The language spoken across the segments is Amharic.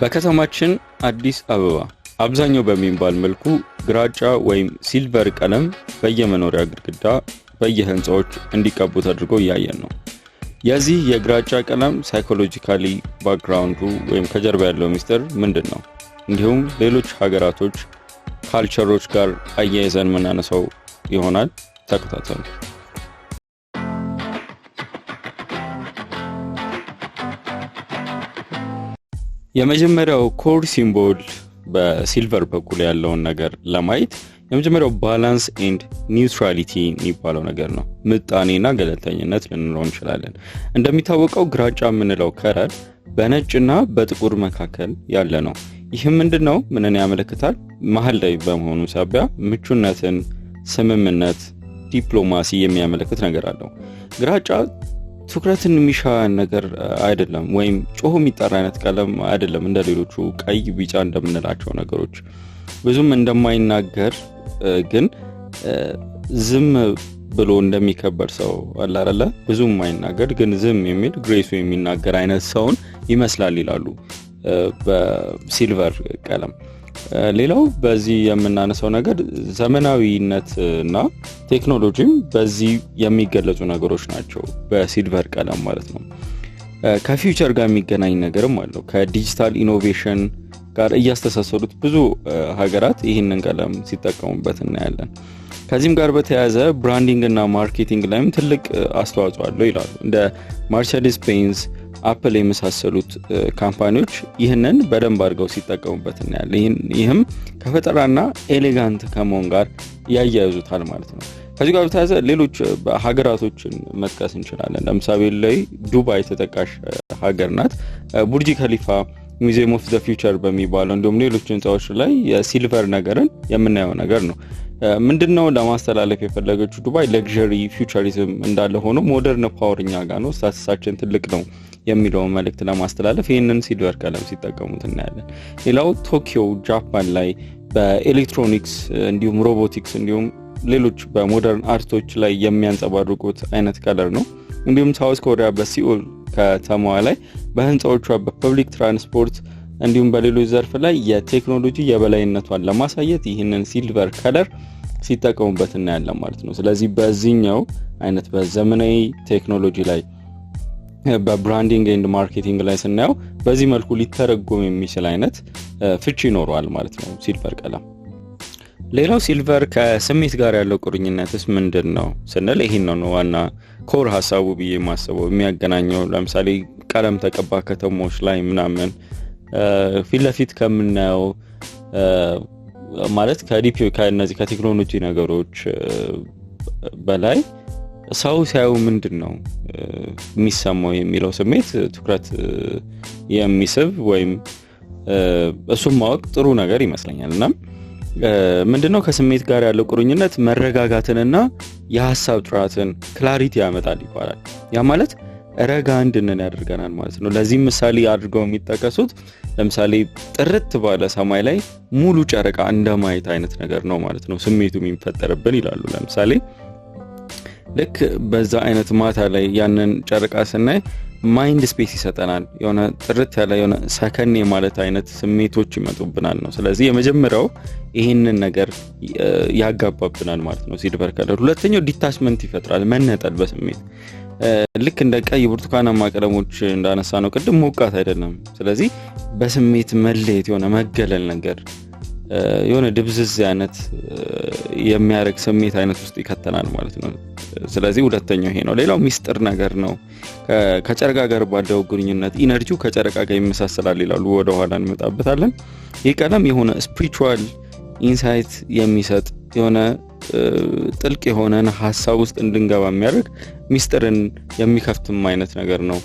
በከተማችን አዲስ አበባ አብዛኛው በሚባል መልኩ ግራጫ ወይም ሲልቨር ቀለም በየመኖሪያ ግድግዳ፣ በየህንፃዎች እንዲቀቡ ተደርጎ እያየን ነው። የዚህ የግራጫ ቀለም ሳይኮሎጂካሊ ባክግራውንዱ ወይም ከጀርባ ያለው ሚስጥር ምንድን ነው? እንዲሁም ሌሎች ሀገራቶች ካልቸሮች ጋር አያይዘን የምናነሳው ይሆናል። ተከታተሉ። የመጀመሪያው ኮድ ሲምቦል በሲልቨር በኩል ያለውን ነገር ለማየት የመጀመሪያው ባላንስ ኤንድ ኒውትራሊቲ የሚባለው ነገር ነው። ምጣኔና ገለልተኝነት ልንለው እንችላለን። እንደሚታወቀው ግራጫ የምንለው ከረር በነጭና በጥቁር መካከል ያለ ነው። ይህም ምንድን ነው? ምንን ያመለክታል? መሀል ላይ በመሆኑ ሳቢያ ምቹነትን፣ ስምምነት፣ ዲፕሎማሲ የሚያመለክት ነገር አለው። ግራጫ ትኩረትን የሚሻ ነገር አይደለም፣ ወይም ጮሆ የሚጠራ አይነት ቀለም አይደለም። እንደ ሌሎቹ ቀይ፣ ቢጫ እንደምንላቸው ነገሮች ብዙም እንደማይናገር ግን ዝም ብሎ እንደሚከበር ሰው አለ ብዙም የማይናገር ግን ዝም የሚል ግሬሱ የሚናገር አይነት ሰውን ይመስላል ይላሉ በሲልቨር ቀለም ሌላው በዚህ የምናነሳው ነገር ዘመናዊነት እና ቴክኖሎጂም በዚህ የሚገለጹ ነገሮች ናቸው። በሲልቨር ቀለም ማለት ነው። ከፊውቸር ጋር የሚገናኝ ነገርም አለው። ከዲጂታል ኢኖቬሽን ጋር እያስተሳሰሩት ብዙ ሀገራት ይህንን ቀለም ሲጠቀሙበት እናያለን። ከዚህም ጋር በተያያዘ ብራንዲንግ እና ማርኬቲንግ ላይም ትልቅ አስተዋጽኦ አለው ይላሉ። እንደ ማርሴዲስ ፔንስ አፕል የመሳሰሉት ካምፓኒዎች ይህንን በደንብ አድርገው ሲጠቀሙበት እናያለን። ይህም ከፈጠራና ኤሌጋንት ከመሆን ጋር ያያይዙታል ማለት ነው። ከዚህ ጋር በተያያዘ ሌሎች ሀገራቶችን መጥቀስ እንችላለን። ለምሳሌ ላይ ዱባይ ተጠቃሽ ሀገር ናት። ቡርጂ ከሊፋ ሚዚየም ኦፍ ዘ ፊቸር በሚባለው እንዲሁም ሌሎች ህንፃዎች ላይ የሲልቨር ነገርን የምናየው ነገር ነው። ምንድን ነው ለማስተላለፍ የፈለገችው ዱባይ ለግሪ ፊቸሪዝም እንዳለ ሆኖ ሞደርን ፓወር እኛ ጋር ነው። ስታስሳችን ትልቅ ነው የሚለውን መልእክት ለማስተላለፍ ይህንን ሲልቨር ቀለም ሲጠቀሙት እናያለን። ሌላው ቶኪዮ ጃፓን ላይ በኤሌክትሮኒክስ እንዲሁም ሮቦቲክስ እንዲሁም ሌሎች በሞደርን አርቶች ላይ የሚያንጸባርቁት አይነት ቀለር ነው። እንዲሁም ሳውስ ኮሪያ በሲኦል ከተማዋ ላይ በህንፃዎቿ በፐብሊክ ትራንስፖርት እንዲሁም በሌሎች ዘርፍ ላይ የቴክኖሎጂ የበላይነቷን ለማሳየት ይህንን ሲልቨር ከለር ሲጠቀሙበት እናያለን ማለት ነው። ስለዚህ በዚህኛው አይነት በዘመናዊ ቴክኖሎጂ ላይ በብራንዲንግ ኤንድ ማርኬቲንግ ላይ ስናየው በዚህ መልኩ ሊተረጎም የሚችል አይነት ፍቺ ይኖረዋል ማለት ነው ሲልቨር ቀለም። ሌላው ሲልቨር ከስሜት ጋር ያለው ቁርኝነትስ ምንድን ነው ስንል ይህን ነው ዋና ኮር ሀሳቡ ብዬ ማስበው የሚያገናኘው። ለምሳሌ ቀለም ተቀባ ከተሞች ላይ ምናምን ፊት ለፊት ከምናየው ማለት ከዲፒ ከእነዚህ ከቴክኖሎጂ ነገሮች በላይ ሰው ሲያዩ ምንድን ነው የሚሰማው የሚለው ስሜት ትኩረት የሚስብ ወይም እሱም ማወቅ ጥሩ ነገር ይመስለኛል። እና ምንድነው ከስሜት ጋር ያለው ቁርኝነት መረጋጋትንና የሀሳብ ጥራትን ክላሪቲ ያመጣል ይባላል። ያ ማለት ረጋ እንድንን ያደርገናል ማለት ነው። ለዚህም ምሳሌ አድርገው የሚጠቀሱት ለምሳሌ ጥርት ባለ ሰማይ ላይ ሙሉ ጨረቃ እንደማየት አይነት ነገር ነው ማለት ነው ስሜቱ የሚፈጠርብን ይላሉ። ለምሳሌ ልክ በዛ አይነት ማታ ላይ ያንን ጨርቃ ስናይ ማይንድ ስፔስ ይሰጠናል። የሆነ ጥርት ያለ የሆነ ሰከን የማለት አይነት ስሜቶች ይመጡብናል ነው። ስለዚህ የመጀመሪያው ይህንን ነገር ያጋባብናል ማለት ነው ሲልቨር ከለር። ሁለተኛው ዲታችመንት ይፈጥራል፣ መነጠል በስሜት ልክ እንደ ቀይ ብርቱካናማ ቀለሞች እንዳነሳ ነው ቅድም ሞቃት አይደለም። ስለዚህ በስሜት መለየት የሆነ መገለል ነገር የሆነ ድብዝዝ አይነት የሚያደርግ ስሜት አይነት ውስጥ ይከተናል ማለት ነው። ስለዚህ ሁለተኛው ይሄ ነው። ሌላው ሚስጥር ነገር ነው። ከጨረቃ ጋር ባለው ግንኙነት ኢነርጂው ከጨረቃ ጋር ይመሳሰላል ይላሉ። ኋላ እንመጣበታለን። ይህ ቀለም የሆነ ስፒሪቹዋል ኢንሳይት የሚሰጥ የሆነ ጥልቅ የሆነን ሀሳብ ውስጥ እንድንገባ የሚያደርግ ሚስጥርን የሚከፍትም አይነት ነገር ነው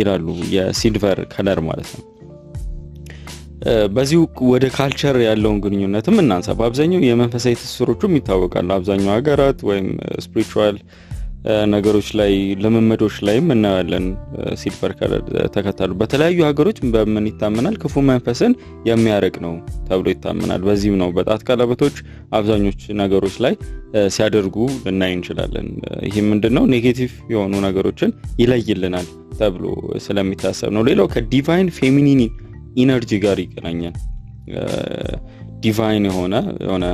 ይላሉ የሲልቨር ከለር ማለት ነው። በዚሁ ወደ ካልቸር ያለውን ግንኙነትም እናንሳ። በአብዛኛው የመንፈሳዊ ትስስሮቹም ይታወቃሉ። አብዛኛው ሀገራት ወይም ስፕሪል ነገሮች ላይ ልምምዶች ላይም እናያለን። ሲልቨር ተከታሉ በተለያዩ ሀገሮች በምን ይታመናል? ክፉ መንፈስን የሚያረቅ ነው ተብሎ ይታመናል። በዚህም ነው በጣት ቀለበቶች አብዛኞች ነገሮች ላይ ሲያደርጉ ልናይ እንችላለን። ይህ ምንድን ነው? ኔጌቲቭ የሆኑ ነገሮችን ይለይልናል ተብሎ ስለሚታሰብ ነው። ሌላው ከዲቫይን ፌሚኒኒ ኢነርጂ ጋር ይገናኛል ዲቫይን የሆነ የሆነ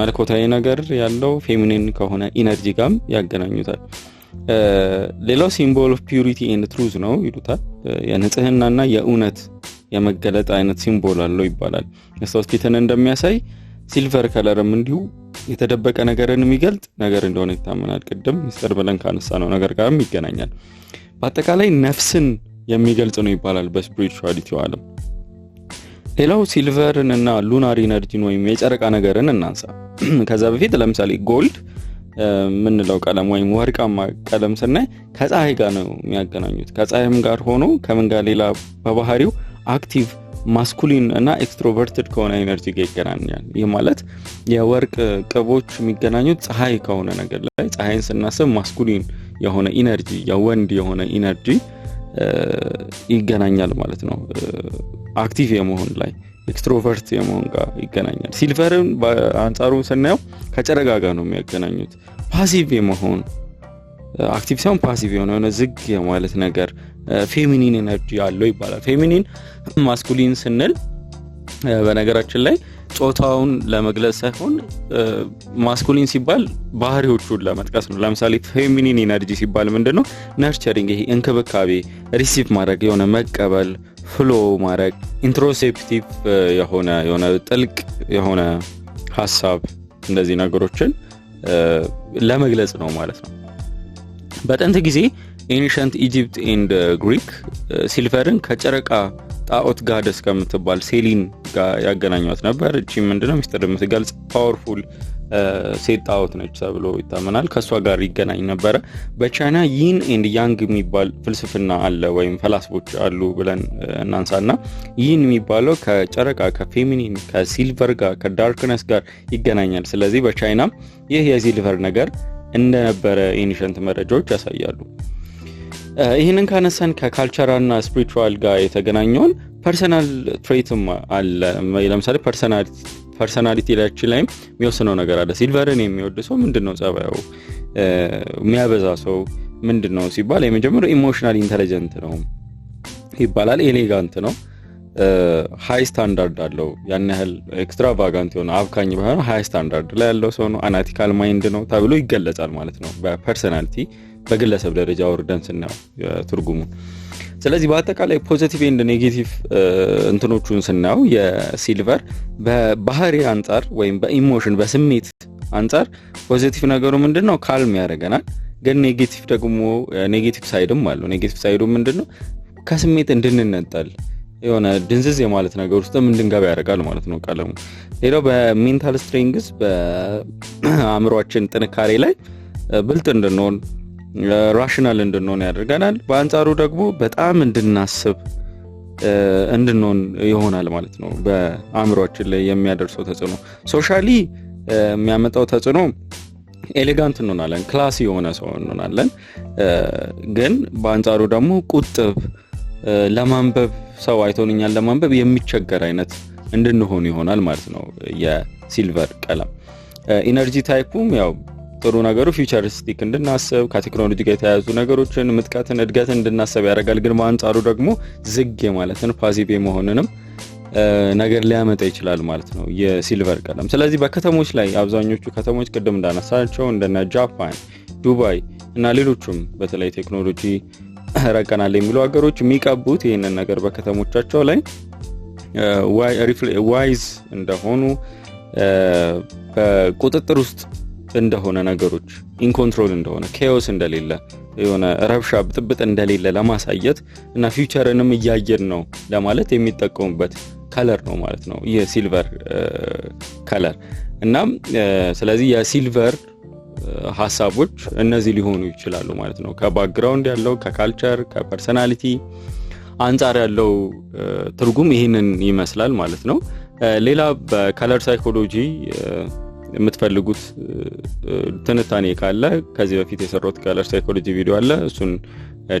መልኮታዊ ነገር ያለው ፌሚኒን ከሆነ ኢነርጂ ጋም ያገናኙታል ሌላው ሲምቦል ኦፍ ፒሪቲ ን ትሩዝ ነው ይሉታል የንጽህናና የእውነት የመገለጥ አይነት ሲምቦል አለው ይባላል ስታውስፒትን እንደሚያሳይ ሲልቨር ከለርም እንዲሁ የተደበቀ ነገርን የሚገልጥ ነገር እንደሆነ ይታመናል ቅድም ሚስተር ብለን ካነሳ ነው ነገር ጋርም ይገናኛል በአጠቃላይ ነፍስን የሚገልጽ ነው ይባላል በስፕሪቹዋሊቲ ዓለም። ሌላው ሲልቨርን እና ሉናር ኢነርጂን ወይም የጨረቃ ነገርን እናንሳ። ከዛ በፊት ለምሳሌ ጎልድ የምንለው ቀለም ወይም ወርቃማ ቀለም ስናይ ከፀሐይ ጋር ነው የሚያገናኙት። ከፀሐይም ጋር ሆኖ ከምን ጋር ሌላ በባህሪው አክቲቭ ማስኩሊን እና ኤክስትሮቨርትድ ከሆነ ኤነርጂ ጋር ይገናኛል። ይህ ማለት የወርቅ ቅቦች የሚገናኙት ፀሐይ ከሆነ ነገር ላይ ፀሐይን ስናስብ ማስኩሊን የሆነ ኢነርጂ የወንድ የሆነ ኢነርጂ ይገናኛል ማለት ነው። አክቲቭ የመሆን ላይ ኤክስትሮቨርት የመሆን ጋር ይገናኛል። ሲልቨርን በአንጻሩ ስናየው ከጨረጋ ጋር ነው የሚያገናኙት። ፓሲቭ የመሆን አክቲቭ ሳይሆን ፓሲቭ የሆነ የሆነ ዝግ የማለት ነገር ፌሚኒን ኤነርጂ አለው ይባላል። ፌሚኒን ማስኩሊን ስንል በነገራችን ላይ ጾታውን ለመግለጽ ሳይሆን ማስኩሊን ሲባል ባህሪዎቹን ለመጥቀስ ነው። ለምሳሌ ፌሚኒን ኢነርጂ ሲባል ምንድን ነው? ነርቸሪንግ፣ ይሄ እንክብካቤ፣ ሪሲቭ ማድረግ፣ የሆነ መቀበል፣ ፍሎ ማድረግ፣ ኢንትሮሴፕቲቭ የሆነ የሆነ ጥልቅ የሆነ ሀሳብ እንደዚህ ነገሮችን ለመግለጽ ነው ማለት ነው። በጥንት ጊዜ ኤንሸንት ኢጂፕት ኤንድ ግሪክ ሲልቨርን ከጨረቃ ጣኦት ጋደስ ከምትባል ሴሊን ጋር ያገናኟት ነበር። እቺ ምንድነው ሚስጥር የምትገልጽ ፓወርፉል ሴት ጣዖት ነች ተብሎ ይታመናል። ከእሷ ጋር ይገናኝ ነበረ። በቻይና ይን ኤንድ ያንግ የሚባል ፍልስፍና አለ ወይም ፈላስፎች አሉ ብለን እናንሳና ይን የሚባለው ከጨረቃ ከፌሚኒን ከሲልቨር ጋር ከዳርክነስ ጋር ይገናኛል። ስለዚህ በቻይና ይህ የሲልቨር ነገር እንደነበረ ኢኒሸንት መረጃዎች ያሳያሉ። uh, ይህንን ካነሳን ና ስፕሪቹዋል ጋር የተገናኘውን ፐርሰናል ትሬትም አለ። ለምሳሌ ፐርሰናሊቲ ላችን ላይም የሚወስነው ነገር አለ። ሲልቨርን የሚወድ ሰው ምንድን ነው ጸባዩ? የሚያበዛ ሰው ምንድን ነው ሲባል የመጀመሪያው ኢሞሽናል ኢንተሊጀንት ነው ይባላል። ኤሌጋንት ነው፣ ሀይ ስታንዳርድ አለው። ያን ያህል ኤክስትራቫጋንት የሆነ አብካኝ ባይሆነ ሀይ ስታንዳርድ ላይ ያለው ሰው ነው። አናቲካል ማይንድ ነው ተብሎ ይገለጻል ማለት ነው። በፐርሰናሊቲ በግለሰብ ደረጃ ወርደን ስናየው ትርጉሙ ስለዚህ በአጠቃላይ ፖዘቲቭ ኤንድ ኔጌቲቭ እንትኖቹን ስናየው የሲልቨር በባህሪ አንጻር ወይም በኢሞሽን በስሜት አንጻር ፖዘቲቭ ነገሩ ምንድን ነው? ካልም ያደርገናል። ግን ኔጌቲቭ ደግሞ ኔጌቲቭ ሳይድም አለው። ኔጌቲቭ ሳይዱ ምንድን ነው? ከስሜት እንድንነጠል የሆነ ድንዝዝ የማለት ነገር ውስጥም እንድንገባ ያደርጋል ማለት ነው ቀለሙ። ሌላው በሜንታል ስትሪንግስ በአእምሯችን ጥንካሬ ላይ ብልጥ እንድንሆን ራሽናል እንድንሆን ያደርገናል። በአንጻሩ ደግሞ በጣም እንድናስብ እንድንሆን ይሆናል ማለት ነው። በአእምሯችን ላይ የሚያደርሰው ተጽዕኖ ሶሻሊ የሚያመጣው ተጽዕኖ ኤሌጋንት እንሆናለን፣ ክላስ የሆነ ሰው እንሆናለን። ግን በአንጻሩ ደግሞ ቁጥብ፣ ለማንበብ ሰው አይቶንኛል ለማንበብ የሚቸገር አይነት እንድንሆን ይሆናል ማለት ነው። የሲልቨር ቀለም ኢነርጂ ታይፑም ያው ጥሩ ነገሩ ፊውቸሪስቲክ እንድናስብ ከቴክኖሎጂ ጋር የተያያዙ ነገሮችን ምጥቀትን፣ እድገትን እንድናስብ ያደርጋል። ግን በአንጻሩ ደግሞ ዝግ ማለትን ፓዚቤ መሆንንም ነገር ሊያመጣ ይችላል ማለት ነው የሲልቨር ቀለም። ስለዚህ በከተሞች ላይ አብዛኞቹ ከተሞች ቅድም እንዳነሳቸው እንደነ ጃፓን፣ ዱባይ እና ሌሎቹም በተለይ ቴክኖሎጂ ረቀናል የሚሉ ሀገሮች የሚቀቡት ይህንን ነገር በከተሞቻቸው ላይ ዋይዝ እንደሆኑ በቁጥጥር ውስጥ እንደሆነ ነገሮች ኢንኮንትሮል እንደሆነ ኬዎስ እንደሌለ የሆነ ረብሻ ብጥብጥ እንደሌለ ለማሳየት እና ፊውቸርንም እያየን ነው ለማለት የሚጠቀሙበት ከለር ነው ማለት ነው የሲልቨር ከለር እና ስለዚህ የሲልቨር ሀሳቦች እነዚህ ሊሆኑ ይችላሉ ማለት ነው። ከባክግራውንድ ያለው ከካልቸር ከፐርሰናሊቲ አንጻር ያለው ትርጉም ይህንን ይመስላል ማለት ነው። ሌላ በከለር ሳይኮሎጂ የምትፈልጉት ትንታኔ ካለ ከዚህ በፊት የሰሩት ከለር ሳይኮሎጂ ቪዲዮ አለ። እሱን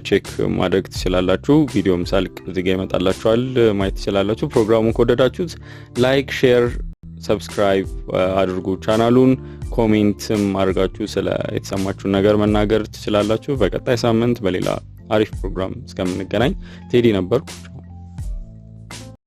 ቼክ ማድረግ ትችላላችሁ። ቪዲዮም ሳልቅ እዚህ ይመጣላችኋል፣ ማየት ትችላላችሁ። ፕሮግራሙን ከወደዳችሁት ላይክ፣ ሼር፣ ሰብስክራይብ አድርጉ። ቻናሉን ኮሜንትም አድርጋችሁ ስለ የተሰማችሁን ነገር መናገር ትችላላችሁ። በቀጣይ ሳምንት በሌላ አሪፍ ፕሮግራም እስከምንገናኝ ቴዲ ነበርኩ።